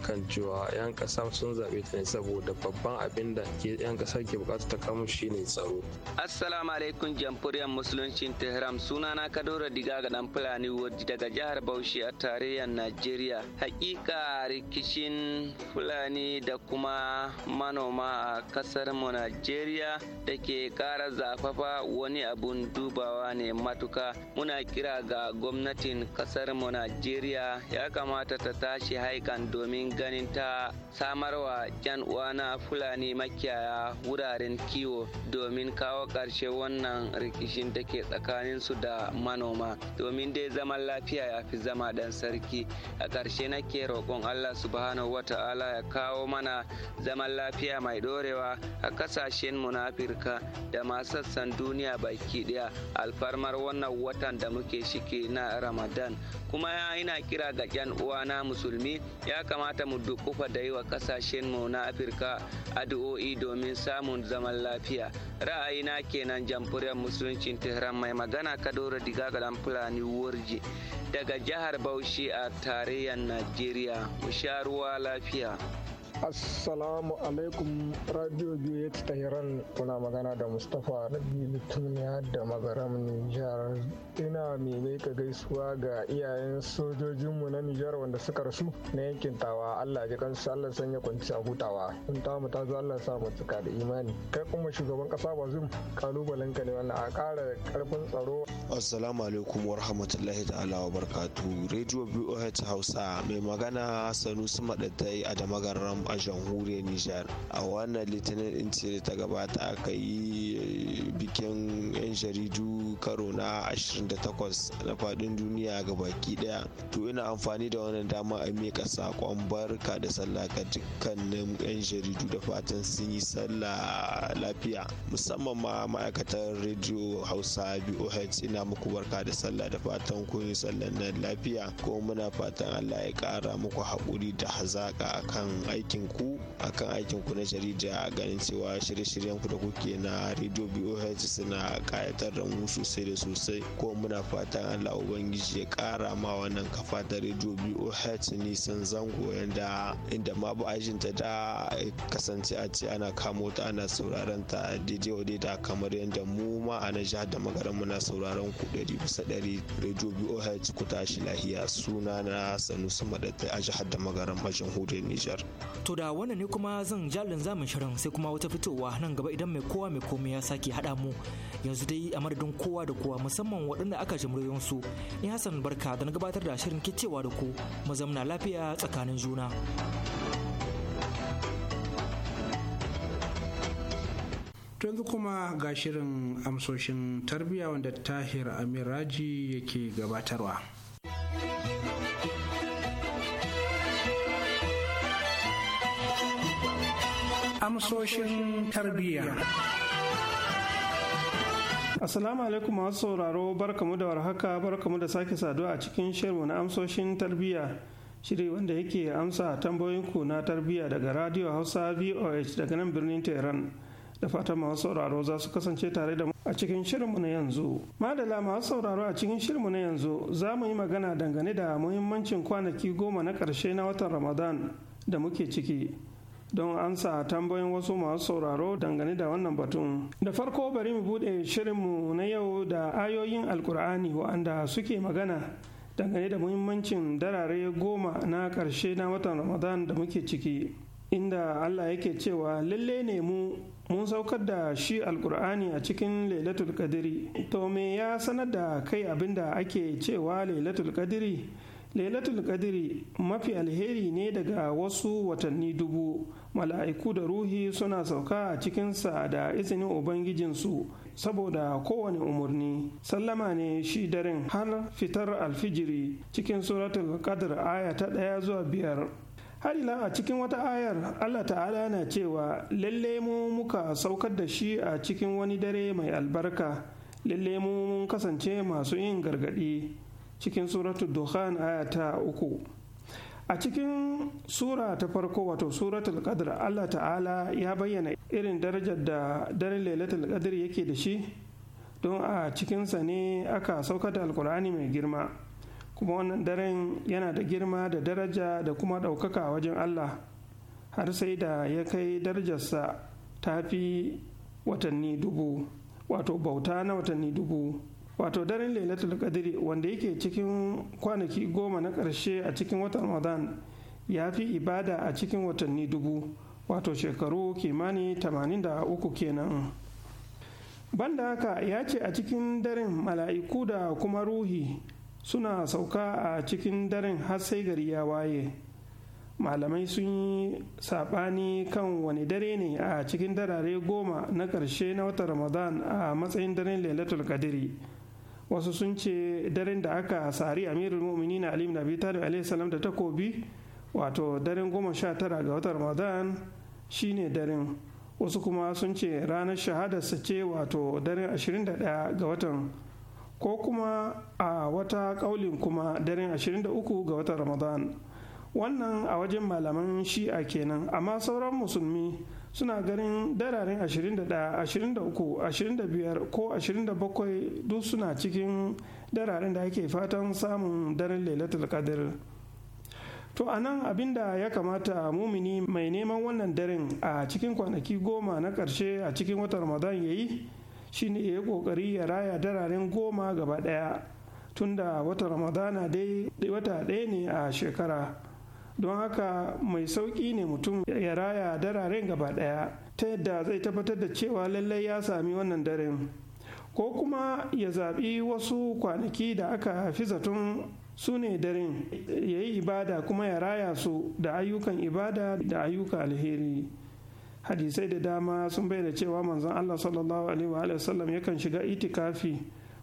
S8: kan cewa 'yan ƙasa sun zaɓe ta ne saboda babban abin da 'yan ƙasa sake buƙatar ta shi ne tsaro.
S9: Assalamu alaikum jamhuriyar musuluncin Tehran sunana Kadura Diga ga dan Fulani wadda daga jihar Bauchi a tarayyar Najeriya. Hakika rikicin Fulani da kuma manoma a kasar mu Najeriya da ke ƙara zafafa wani abun dubawa ne matuka muna kira ga gwamnatin kasar mu Najeriya ya kamata ta tashi haikan domin ganin ta samarwa jan uwana Fulani makiyaya wuraren kiwo domin kawo ƙarshe wannan rikishin da ke tsakanin su da manoma domin dai zaman lafiya ya fi zama ɗan sarki a ƙarshe nake roƙon allah subhanahu wata'ala ya kawo mana zaman lafiya mai ɗorewa a ƙasashen mu da masassan sassan duniya baki ɗaya alfarmar wannan watan da muke shike na ramadan kuma ina kira ga yan uwana musulmi ya kamata mu dukufa da yi wa ƙasashen mu na afirka addu'o'i domin samun zaman lafiya ra'ayina kenan jamhuriyar Musulunci tehran mai magana kadoro diga dan fulani warje daga jihar bauchi a tarayyar najeriya mu sha ruwa lafiya
S2: Assalamu alaikum Radio BH Tehran kuna magana da Mustapha Rabi tuniya da Magaram Nijar. Ina mai ka gaisuwa ga
S8: iyayen sojojinmu na Nijar wanda suka rasu na yankin tawa Allah ji kansu Allah sanya kwanci a hutawa. In ta mu ta zo Allah sa mu cika da imani. Kai kuma shugaban kasa zum
S2: kalubalen ka ne wanda a ƙara karfin
S8: tsaro. Assalamu alaikum wa rahmatullahi ta'ala wa barakatuh. Radio Hausa mai magana Sanusi Madaddai a da Magaram a jamhuriyar nijar a wannan litinin din ce da ta gabata aka yi eh, bikin 'yan jaridu karo na 28 na fadin duniya ga baki daya to ina amfani da wannan dama a miƙa saƙon barka da sallah ga dukkanin 'yan jaridu da fatan sun yi sallah lafiya musamman ma ma'aikatar rediyo hausa boh ina muku barka da sallah da fatan kun yi sallah na lafiya ko muna fatan allah ya ƙara muku haƙuri da hazaƙa akan aikin aikin ku akan aikin ku na jarida ganin cewa shirye-shiryen ku da kuke na radio BOH suna kayatar da mu sosai da sosai kuma muna fatan Allah ubangiji ya kara ma wannan kafa ta radio BOH nisan zango yanda inda ma ba ta da kasance a ce ana kamo ta ana sauraron ta daidai wa daidai kamar yadda mu ma a na jihar da magaran muna sauraron ku ɗari bisa ɗari radio BOH ku tashi lahiya suna na Sanusi Madatai a jihar da magaran majin Nijar. To
S5: da wannan ne kuma zan jalin zamun shirin sai kuma wata fitowa nan gaba idan mai kowa mai komai ya sake haɗa mu yanzu dai a madadin kowa da kowa musamman waɗanda aka ji su in Hassan Barka da na gabatar da shirin kicewa da ku mu zamna lafiya tsakanin juna. yanzu kuma
S4: ga shirin amsoshin tarbiyya wanda tahir amiraji yake gabatarwa. amsoshin tarbiyya.
S1: Assalamu alaikum masu sauraro barkamu da warhaka barkamu da sake saduwa a cikin shirin na amsoshin tarbiyya shiri wanda yake amsa tambayoyinku na tarbiyya daga radio hausa voh daga nan birnin tehran da fatan masu sauraro za su kasance tare da mu a cikin shirinmu na yanzu madala masu sauraro a cikin shirinmu na yanzu za mu yi magana dangane da muhimmancin kwanaki goma na ƙarshe na watan ramadan da muke ciki don ansa tambayoyin wasu masu sauraro dangane da wannan batun. Da farko bari mu buɗe shirinmu na yau da ayoyin alkur'ani wa'anda suke magana dangane da muhimmancin darare goma na ƙarshe na watan Ramadan da muke ciki. Inda Allah yake cewa lalle ne mu mun saukar da shi alkur'ani a cikin lailatul kadiri to me ya sanar da kai abinda ake cewa lailatul kadiri lailatul kadiri mafi alheri ne daga wasu watanni dubu mala'iku da ruhi suna sauka a cikinsa da izinin ubangijinsu saboda kowane umarni sallama ne shi daren har fitar alfijiri cikin suratul qadr aya ta ɗaya zuwa biyar har ila a cikin wata ayar allah ta'ala na cewa lalle mu muka saukar da shi a cikin wani dare mai albarka lalle mu mun kasance masu yin gargaɗi cikin suratul dukhan aya ta uku a cikin sura ta farko wato suratul qadr Allah ta'ala ya bayyana irin darajar da daren lailatul qadr yake da shi don a cikinsa ne aka saukar da alkur'ani mai girma kuma wannan daren yana da girma da daraja da kuma ɗaukaka wajen Allah har sai da ya kai darajarsa ta fi watanni dubu wato bauta na watanni dubu wato daren lailatul qadri wanda yake cikin kwanaki goma na ƙarshe a cikin watan ramadan ya fi ibada a cikin watanni dubu wato shekaru kimani 83 kenan banda haka ya ce a cikin daren mala'iku da kuma ruhi suna sauka a cikin daren har sai gari ya waye malamai sun yi saɓani kan wani dare ne a cikin darare goma na ƙarshe na watan ramadan a matsayin daren lailatul qadri. wasu sun ce daren da aka sari amirul mu'minin ali ibn abi talib alaihi salam da takobi wato daren goma sha tara ga watan ramadan shine daren wasu kuma sun ce ranar shahadarsa ce wato daren 21 ga watan ko kuma a wata kaulin kuma daren 23 ga watan ramadan wannan a wajen malaman shi'a kenan amma sauran musulmi suna ganin dararen 21 23 25 ko 27 duk suna cikin dararen da ake fatan samun daren lailatul qadr to a nan da ya kamata mumini mai neman wannan daren a cikin kwanaki goma na karshe a cikin watan ramadan ya yi shine ya yi ƙoƙari ya raya dararen goma gaba ɗaya tunda watan ramadana dai wata ɗaya ne a shekara don haka mai sauƙi ne mutum ya raya dararen gaba ɗaya ta yadda zai tabbatar da cewa lallai ya sami wannan daren ko kuma ya zaɓi wasu kwanaki da aka fi zaton su ne daren ya yi ibada kuma ya raya su da ayyukan ibada da ayyuka alheri hadisai da dama sun bai da cewa manzon allah sallallahu alaihi wa yakan shiga itikafi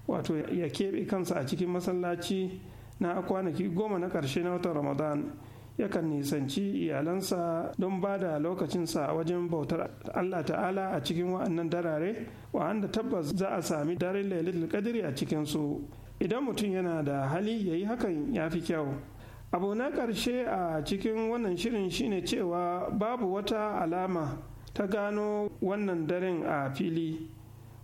S1: wato ya keɓe kansa a cikin masallaci na kwanaki goma na ƙarshe na watan ramadan yakan nisanci iyalansa don ba da lokacinsa wajen bautar Allah ta'ala a cikin wa'annan darare wa'anda tabbas za a sami daren lailatul kadiri a cikinsu idan mutum yana da hali ya yi hakan ya fi kyau abu na ƙarshe a cikin wannan shirin shine cewa babu wata alama ta gano wannan daren a fili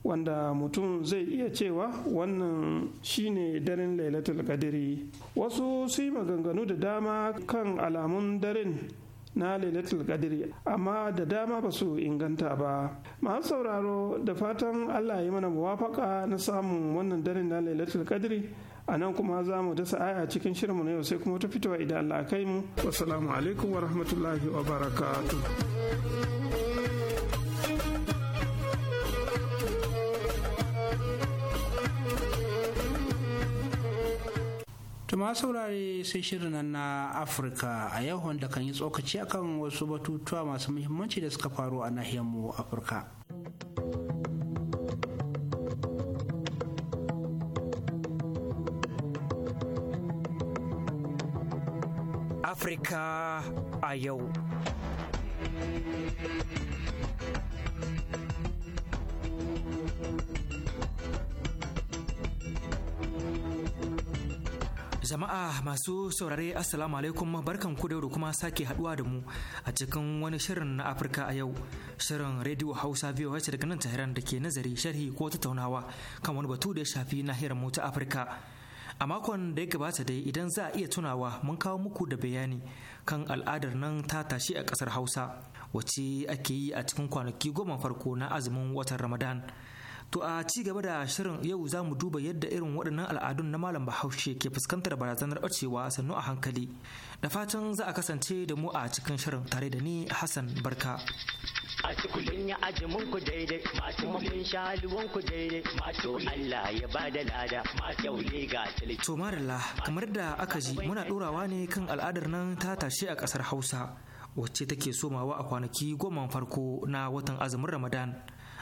S1: wanda mutum zai iya cewa wannan shine daren lailatul kadiri wasu su yi maganganu da dama kan alamun daren na lailatul kadiri amma da dama ba su inganta ba masu sauraro da fatan allah ya mana muwafaka na samun wannan daren na lailatul kadiri a nan kuma za mu dasa aya cikin shirinmu na yau sai kuma ta fitowa idan allah kai mu wasu alaikum wa rahmatullahi wa barakatuh
S4: Tuma saurare sai shirin nan na Afirka a yau wanda kan yi tsokaci akan wasu batutuwa masu muhimmanci da suka faru a nahiyarmu mu
S5: Afirka. Afirka a yau. Jama'a masu saurare Assalamu alaikum barkan ku da kuma sake haduwa da mu a cikin wani shirin na Afirka a yau. Shirin rediyo Hausa biyu wacce daga nan Tehran da ke nazari sharhi ko tattaunawa kan wani batu da ya shafi nahiyar mu ta Afirka. A makon da ya gabata dai idan za a iya tunawa mun kawo muku da bayani kan al'adar nan ta tashi a kasar Hausa wacce ake yi a cikin kwanaki goma farko na azumin watan Ramadan. To a ci gaba da shirin yau za mu duba yadda irin waɗannan al'adun na malam bahaushe ke fuskantar barazanar ɓacewa sannu a hankali. Da fatan za a kasance da mu a cikin shirin tare da ni Hassan Barka. a cikulin ya aji ku daidai masu mafin shaluwan ku daidai
S10: masu Allah ya ba da lada yau ne ga
S5: To marilla kamar da aka ji muna ɗorawa ne kan al'adar nan ta tashe a ƙasar Hausa wacce take somawa a kwanaki goma farko na watan azumin Ramadan.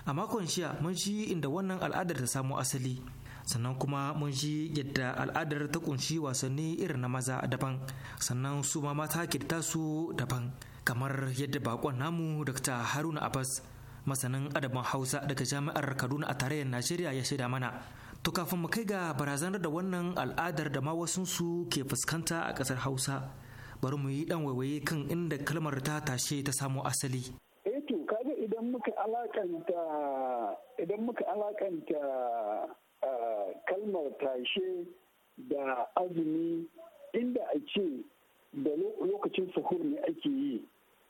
S5: a makon shiya mun shi inda wannan al'adar ta samo asali sannan kuma mun shi yadda al'adar ta kunshi wasanni irin na maza daban sannan su ma mata ke su daban kamar yadda bakon namu dr haruna abbas masanin adabin hausa daga jami'ar kaduna a tarayyar najeriya ya shaida mana to kafin mu kai ga barazanar da wannan al'adar da ma wasunsu ke fuskanta a ƙasar hausa bari mu yi dan waiwaye kan inda kalmar ta tashe ta samo asali
S11: idan muka alakanta eh, kalmar tashe da azumi inda a ce da lokacin suhur ne ake yi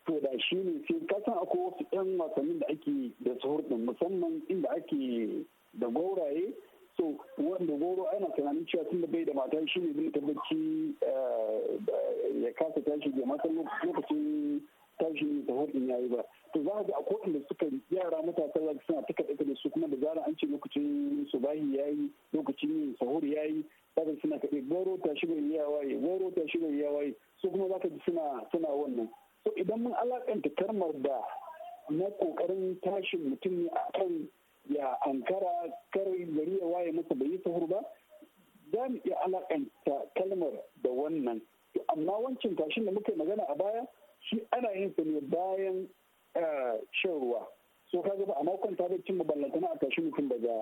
S11: to da shi ne sai kasan akwai wasu 'yan wasannin da ake da suhur din musamman inda ake da gauraye so wanda goro ana tunanin cewa tun da bai da mata shi ne zai tabbaci eh, ya kasa tashi ga masan lokacin tashi da ya yi ba to za ga akwai da suka yara matasa za suna ta kaɗe da su kuma da zara an ce lokacin subahi ya yi lokacin yin sahur ya yi za suna kaɗe goro ta shigar ya waye goro ta shigar ya waye su kuma za ka ji suna suna wannan so idan mun alaƙanta karmar da na ƙoƙarin tashin mutum ne a kan ya ankara kar gari ya waye masa bai yi sahur ba za mu iya alaƙanta kalmar da wannan amma wancan tashin da muka magana a baya shi ana yin sa ne bayan shan ruwa so kaga ba a makon makwanta baccin mu ballantana a tashi mutum daga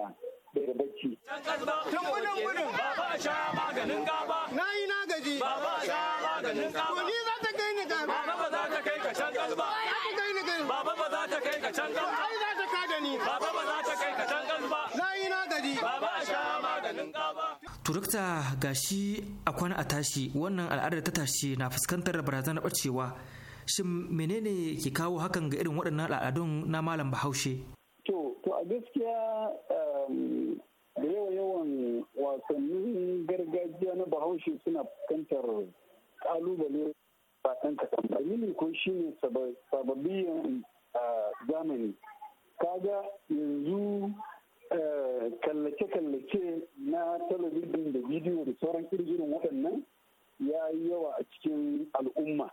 S11: daga
S9: bacci. Tun gudun gudun ba ba a sha maganin gaba. Na yi na gaji. Ba ba a sha maganin gaba. ko ni za
S2: ta kai ni gaba. ba ba za ta kai ka can gaba. Za ta kai ni
S9: gaba. ba ba za ta kai ka can gaba. Ai za ta ka da ni. ba ba za ta kai ka can gaba. Na yi na gaji. ba ba a sha maganin gaba.
S5: Turukta gashi a kwana a tashi wannan al'adar ta tashi na fuskantar barazanar bacewa shin menene ke kawo hakan ga irin waɗannan al'adun na malam bahaushe to
S11: to a gaskiya um, da yawa yawan wasannin gargajiya na bahaushe suna fuskantar kalubale ba ɗan kaɗan dalilin ko shine sababbiyan zamani kaga yanzu kallace-kallace na talabijin da bidiyo da sauran irin waɗannan ya yi yawa a cikin al'umma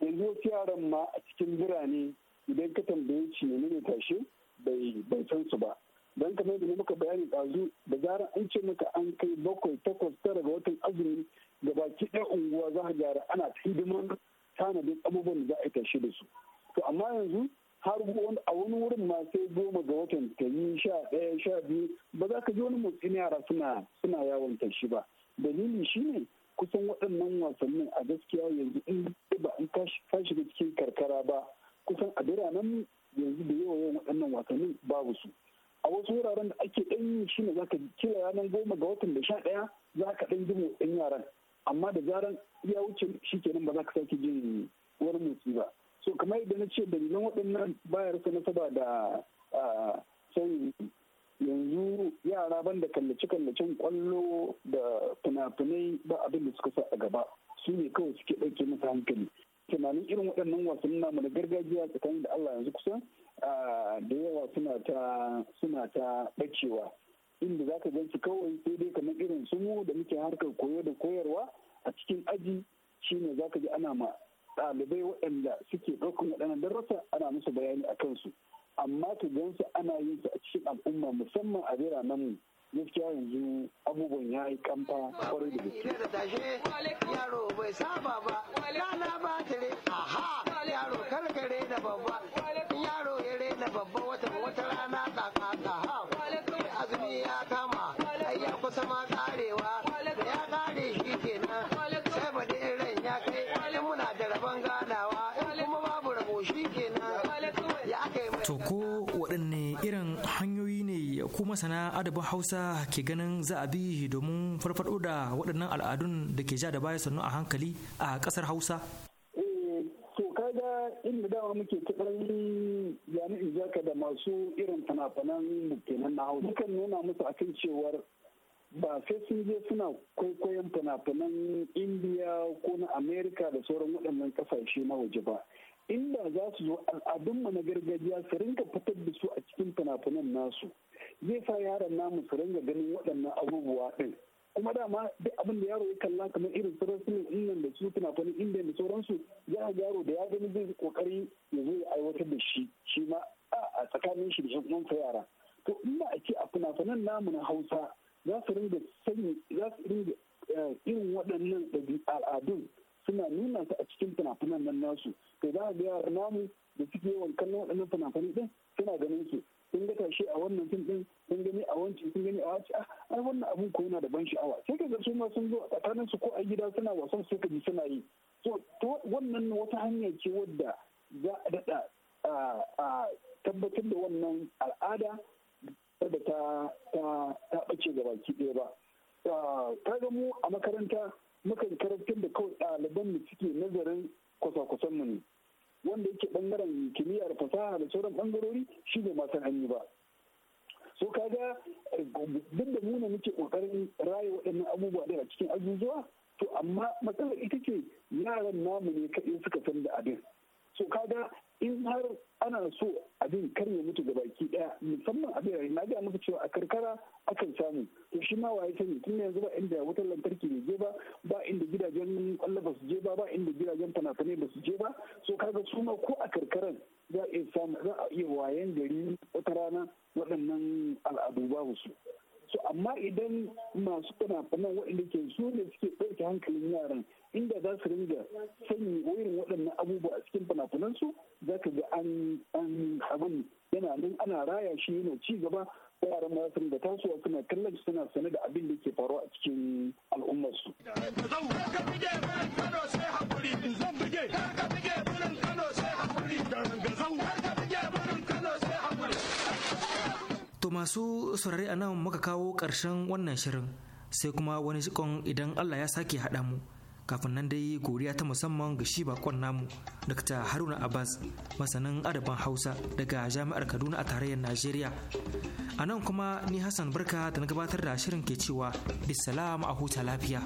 S11: yanzu wasu yaran ma a cikin birane idan ka tambaye shi ne ne tashi bai bai san su ba don kamar da muka bayani ɗazu da gara an ce maka an kai bakwai takwas tara ga watan azumi da baki ɗaya unguwa za a gyara ana hidiman tanadin abubuwan da za a yi tashe da su to amma yanzu har a wani wurin ma sai goma ga watan ta yi sha ɗaya sha biyu ba za ka ji wani motsin yara suna suna yawon tashi ba dalili shine kusan waɗannan wasannin a gaskiya yanzu in ba an ka shiga cikin karkara ba kusan a biranen yanzu da yawa yawan waɗannan wasannin babu su a wasu wuraren da ake ɗan yi shi ne zaka kira ranar goma ga watan da sha ɗaya za ka ɗan ji motsin yaran amma da zaran ya wuce shi kenan ba za ka sake jin wani motsi ba so kamar yadda na ce dalilan waɗannan bayar sa nasaba da ah, sauyin yanzu yara banda kallace-kallacen kwallo da fina-finai ba abin da suka sa a gaba su ne kawai suke ɗauke masa hankali tunanin irin waɗannan wasan namu na gargajiya tsakanin da Allah yanzu kusan da yawa suna ta suna ta ɓacewa inda za ka ganci kawai sai dai kamar irin su mu da muke harkar koyo da koyarwa a cikin aji shine za ka ji ana ma ɗalibai waɗanda suke ɗaukar waɗannan darussa ana musu bayani a kansu amma ka su ana yin su a cikin al'umma musamman a biranen mu gaskiya yanzu abubuwan ya yi kamfa kwarai da gaske. ta re aha
S9: ya rena babba wata wata rana
S5: masana adabin hausa ke ganin za a bi domin farfado da waɗannan al'adun da ke ja da baya sannu a hankali a ƙasar hausa
S11: eh, to kaga inda dama muke tabarin jami'in zaka da masu irin fina-finan kenan na hausa dukan nuna musu kan cewar ba sai sun je suna kwaikwayon fina-finan indiya ko na amerika da sauran waɗannan ƙasashe na waje ba inda za su zo al'adunmu na gargajiya su rinka fitar da su a cikin fina-finan nasu zai sa yaron namu su ringa ganin waɗannan abubuwa ɗin kuma dama duk abin da yaro ya kalla kamar irin su rasulun innan da su tunafanin inda da sauransu ya a yaro da ya gani zai kokari ya zo ya aiwatar da shi shi ma a tsakanin shi da shi kuma yara to ba a ce a fina-finan namu na hausa za su ringa sani za su ringa eh, irin waɗannan al'adun suna nuna su a cikin fina-finan nan nasu to za a ga yaran namu da suke yawan kallon waɗannan fina fina-finan ɗin suna ganin su sun ga tashi a wannan fim din sun gani a wancan sun gani a wancan ah, ai wannan abun ko yana da ban sha'awa sai ka ga su ma sun zo tsakanin su ko a gida suna wasan su ka ji suna yi so wannan wata hanya ce wadda za a daɗa a tabbatar da wannan al'ada da ta ta ɓace gaba ki ɗaya ba ga mu a makaranta mukan karantar da kawai ɗaliban da suke nazarin kwasa-kwasan mu ne wanda yake bangaren kimiyya da fasaha da sauran bangarori shi ne ma ba so kaga eh, duk da muna muke kokarin raye waɗannan abubuwa daga cikin azuzuwa to amma matsalar ita ce yaran namu ne kaɗai suka san da abin so kaga in har ana so abin kar ya mutu ki daya musamman a birane na ga muku cewa a karkara akan samu to shi ma waye sani tun yanzu ba inda wutar lantarki ne je ba ba inda gidajen kwallo ba su je ba ba inda gidajen fanafane ba su je ba so kaga su ma ko a karkaran za a iya samu za a iya wayan gari wata rana waɗannan al'adu ba su so amma idan masu fina waɗanda ke su ne suke ɗauke hankalin yaran inda za su ringa sanyi irin waɗannan abubuwa a cikin fina-finansu za ka ga an abin yana nan ana raya shi yana ci gaba yaran ma sun da tasowa suna kallon suna sane da abin da ke faru a cikin al'ummarsu.
S5: To masu saurari a nan muka kawo ƙarshen wannan shirin sai kuma wani shikon idan Allah ya sake haɗa mu. kafin nan dai godiya ta musamman ga shi bakon namu dr haruna abbas masanin adabin hausa daga jami'ar kaduna a tarayyar najeriya a nan kuma ni hassan barka da na gabatar da shirin ke cewa bisalam a huta lafiya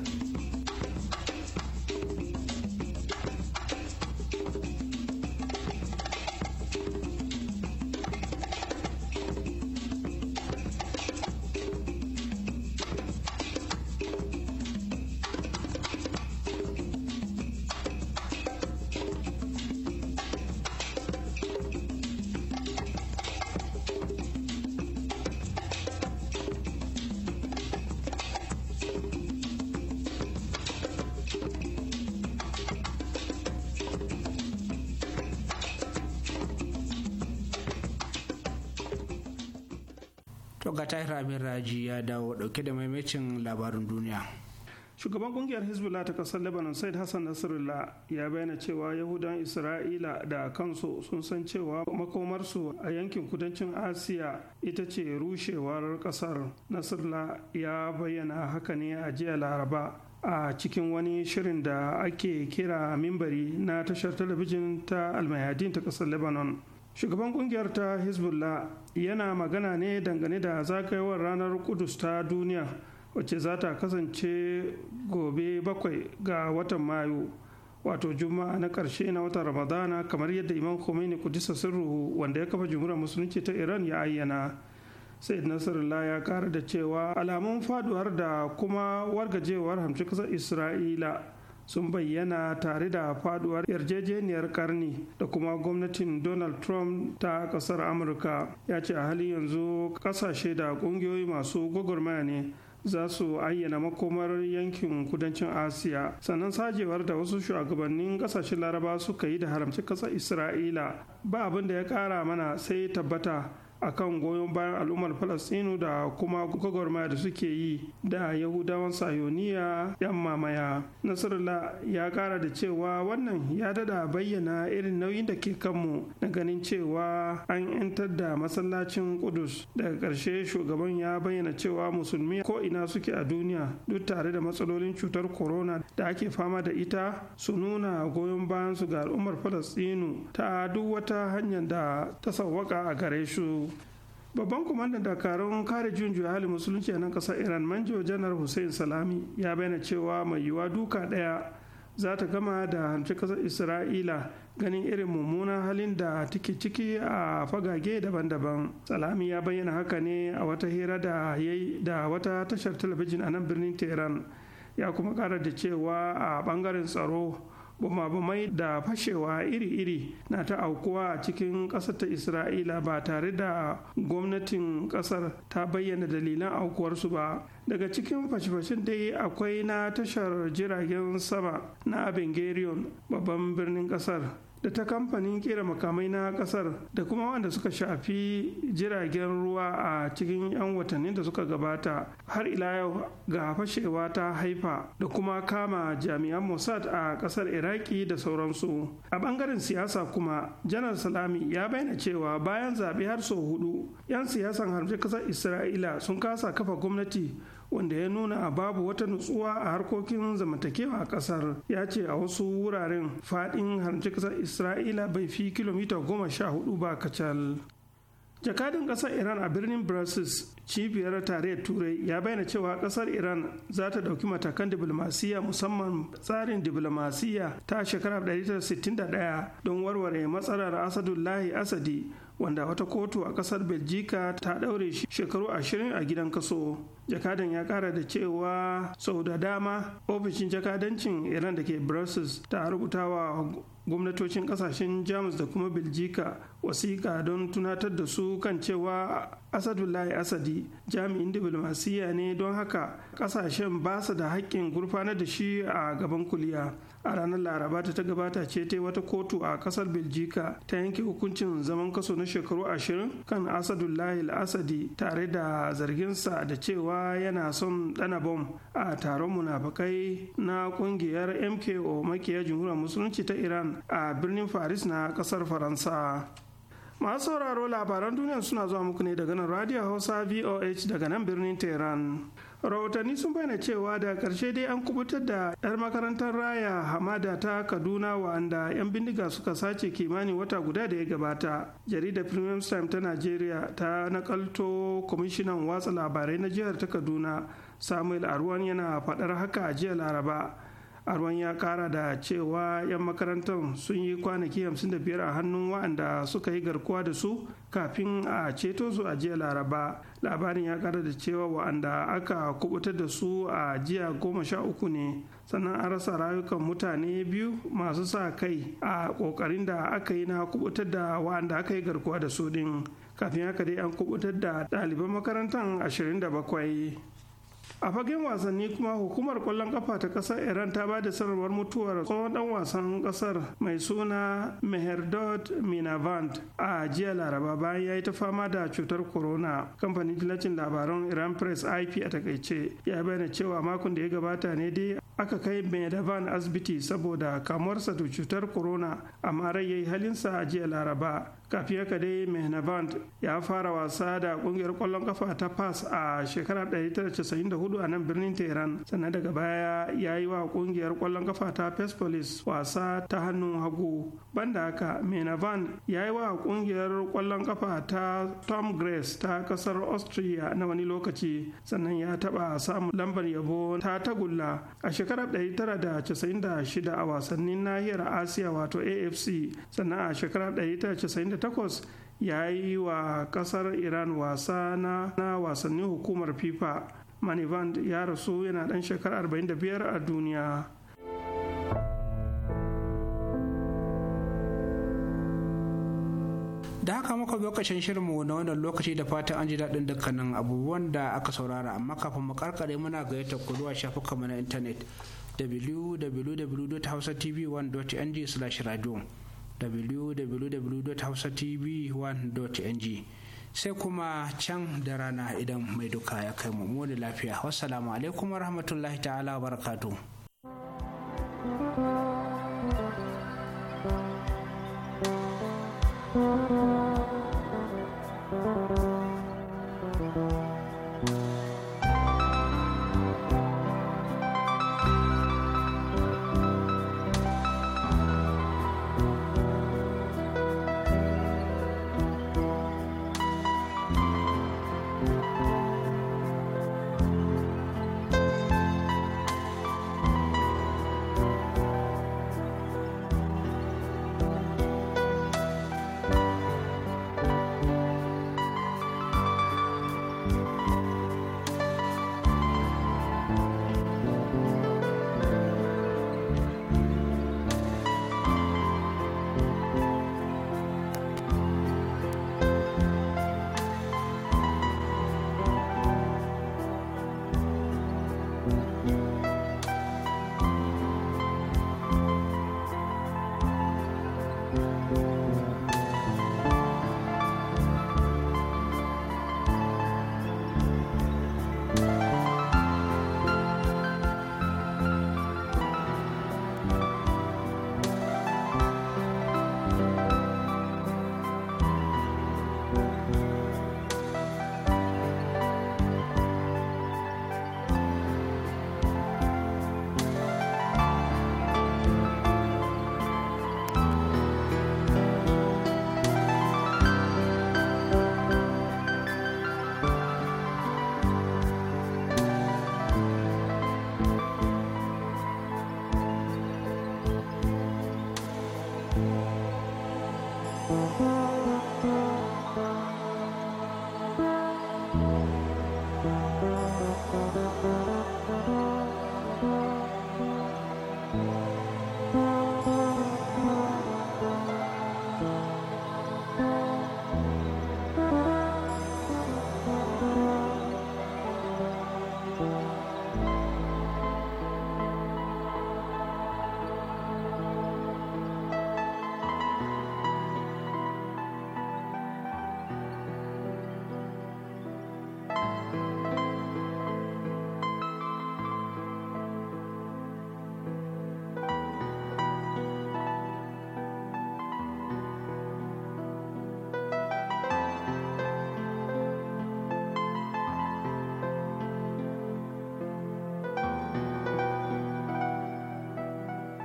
S4: ga tahir amin raji ya dawo dauke da maimacin labarin duniya
S1: shugaban kungiyar hezbollah ta kasar lebanon said hassan Nasrullah ya bayyana cewa yahudan isra'ila da kansu sun san cewa makomarsu a yankin kudancin asiya ita ce rushewar kasar Nasrullah ya bayyana haka ne a jiya laraba a cikin wani shirin da ake kira mimbari na tashar talabijin ta almayadin ta kasar lebanon shugaban kungiyar ta hezbollah yana magana ne dangane da zagayowar ranar kudus ta duniya wacce za ta kasance gobe bakwai ga watan mayu wato juma'a na karshe na watan ramadana kamar yadda imam khomeini kudisa sirruhu wanda ya kafa jumhuriyar musulunci ta iran ya ayyana said Nasarallah ya kara da cewa alamun faduwar da kuma wargajewar hamci kasar isra'ila sun bayyana tare da faduwar yarjejeniyar karni da kuma gwamnatin donald trump ta kasar amurka ya ce a halin yanzu kasashe da kungiyoyi masu gwagwarmaya ne za su ayyana makomar yankin kudancin asiya sannan sajewar da wasu shugabannin kasashen laraba suka yi da haramci kasar isra'ila ba abin da ya kara mana sai tabbata akan goyon bayan al'ummar falastinu da kuma gwagwarmaya da suke yi da yahudawan sayoniya yan mamaya nasarala ya kara da cewa wannan ya dada bayyana irin nauyin da ke kanmu na ganin cewa an 'yantar da masallacin kudus daga ƙarshe shugaban ya bayyana cewa musulmi ko ina suke a duniya duk tare da matsalolin cutar corona da ake fama da ita su nuna goyon bayan su ga al'ummar falastinu ta duk wata hanyar da ta sauwaka a gare su babban kwamandan dakarun kare juyin juya hali musulunci a nan kasar iran manjo janar hussein salami ya bayyana cewa mai yiwuwa duka daya za ta gama da hanci kasar isra'ila ganin irin mummunan halin da take ciki a fagage daban-daban salami ya bayyana haka ne a wata hira da ya da wata tashar talabijin a nan birnin tehran ya kuma kara da cewa a bangaren tsaro bumabumai da fashewa iri-iri na ta aukuwa a cikin ƙasar ta isra'ila ba tare da gwamnatin ƙasar ta bayyana dalilan aukuwarsu ba daga cikin fashe-fashen dai akwai na tashar jiragen sama na bengariyon babban birnin ƙasar da ta kamfanin kera makamai na kasar da kuma wanda suka shafi jiragen ruwa a cikin 'yan watanni da suka gabata har ila yau ga fashewa ta haifa da kuma kama jami'an mossad a kasar iraki da sauransu a bangaren siyasa kuma janar salami ya bayyana cewa bayan zaɓe har sau hudu 'yan siyasan harbe kasar isra'ila sun kasa kafa gwamnati wanda ya nuna babu wata nutsuwa a harkokin zamantakewa a kasar ya ce a wasu wuraren fadin harci kasar isra'ila bai fi kilomita goma sha hudu ba kacal jakadin kasar iran a birnin brussels cibiyar tarayyar turai ya bayyana cewa kasar iran za ta dauki matakan diplomasiya musamman tsarin diplomasiya ta shekarar 1961 don warware matsalar asadullahi asadi wanda wata kotu a kasar Beljika ta ɗaure shekaru ashirin a gidan kaso. Jakadan ya kara da cewa sau da dama ofishin jakadancin Iran da ke Brussels ta rubuta wa gwamnatocin kasashen Jamus da kuma Beljika wasiƙa don tunatar da su kan cewa asadullahi asadi jami'in diplomasiyya ne don haka ƙasashen ba su da haƙƙin gurfanar da shi a gaban kuliya a ranar laraba ta ta gabata ce ta wata kotu a ƙasar beljika ta yanke hukuncin zaman kaso na shekaru ashirin kan asadullahi asadi tare da zarginsa da cewa yana son ɗana bom a taron munafakai na ƙungiyar mko makiya jamhuriyar musulunci ta iran a birnin faris na ƙasar faransa masu sauraro labaran duniya suna zuwa muku ne daga nan radio hausa voh daga nan birnin tehran rahotanni sun bayyana cewa da karshe dai an kubutar da 'yar makarantar raya hamada ta kaduna wanda 'yan bindiga suka sace kimanin wata guda da ya gabata jaridar premium time ta nigeria ta nakalto kwamishinan watsa labarai na jihar ta kaduna samuel arwan yana faɗar haka a jiya laraba arwan ya kara da cewa 'yan makarantar sun yi kwanaki 55 a hannun waɗanda suka yi garkuwa da su kafin a ceto su a jiya laraba labarin ya kara da cewa waɗanda aka kubutar da su a jiya goma sha uku ne sannan an rasa rayukan mutane biyu masu sa kai a ƙoƙarin da aka yi na kubutar da wa'anda aka yi garkuwa da su ɗin kafin haka dai an kubutar da ɗaliban makarantar 27 a fagen wasanni kuma hukumar kwallon kafa ta kasar iran ta ba da sanarwar mutuwar tsohon dan wasan kasar mai suna meherdod minavand a jiya laraba bayan ya yi ta fama da cutar corona kamfanin dillacin labaran iran press ip a takaice ya bayyana cewa makon da ya gabata ne dai aka kai medavan asibiti saboda kamuwarsa da cutar corona amma rai ya yi halinsa a jiya laraba kafiya ka dai mehnavand ya fara wasa da kungiyar kwallon kafa ta pass a shekarar 1994 a nan birnin tehran sannan daga baya ya yi wa kungiyar kwallon kafa ta persepolis wasa ta hannun hagu banda haka mehnavand ya yi wa kungiyar kwallon kafa ta tom grace ta kasar austria na wani lokaci sannan ya taba samun lambar yabo ta tagulla a shekarar 1996 a wasannin nahiyar asiya wato afc sannan a shekarar takwas ya yi wa kasar iran wasa na, na wasannin hukumar fifa manivand ya rasu yana dan shekarar 45 a duniya
S4: da haka muka lokacin shirinmu na wannan lokaci da fatan an ji daɗin dukkanin abubuwan da aka saurara amma kafin mu karkare muna gayyata ku zuwa shafukanmu na intanet www.hausatv1.ng/radio www.hausatv1.ng sai kuma can da rana idan mai duka ya kai mu da lafiya wassalamu alaikum wa rahmatullahi ta'ala barakatu.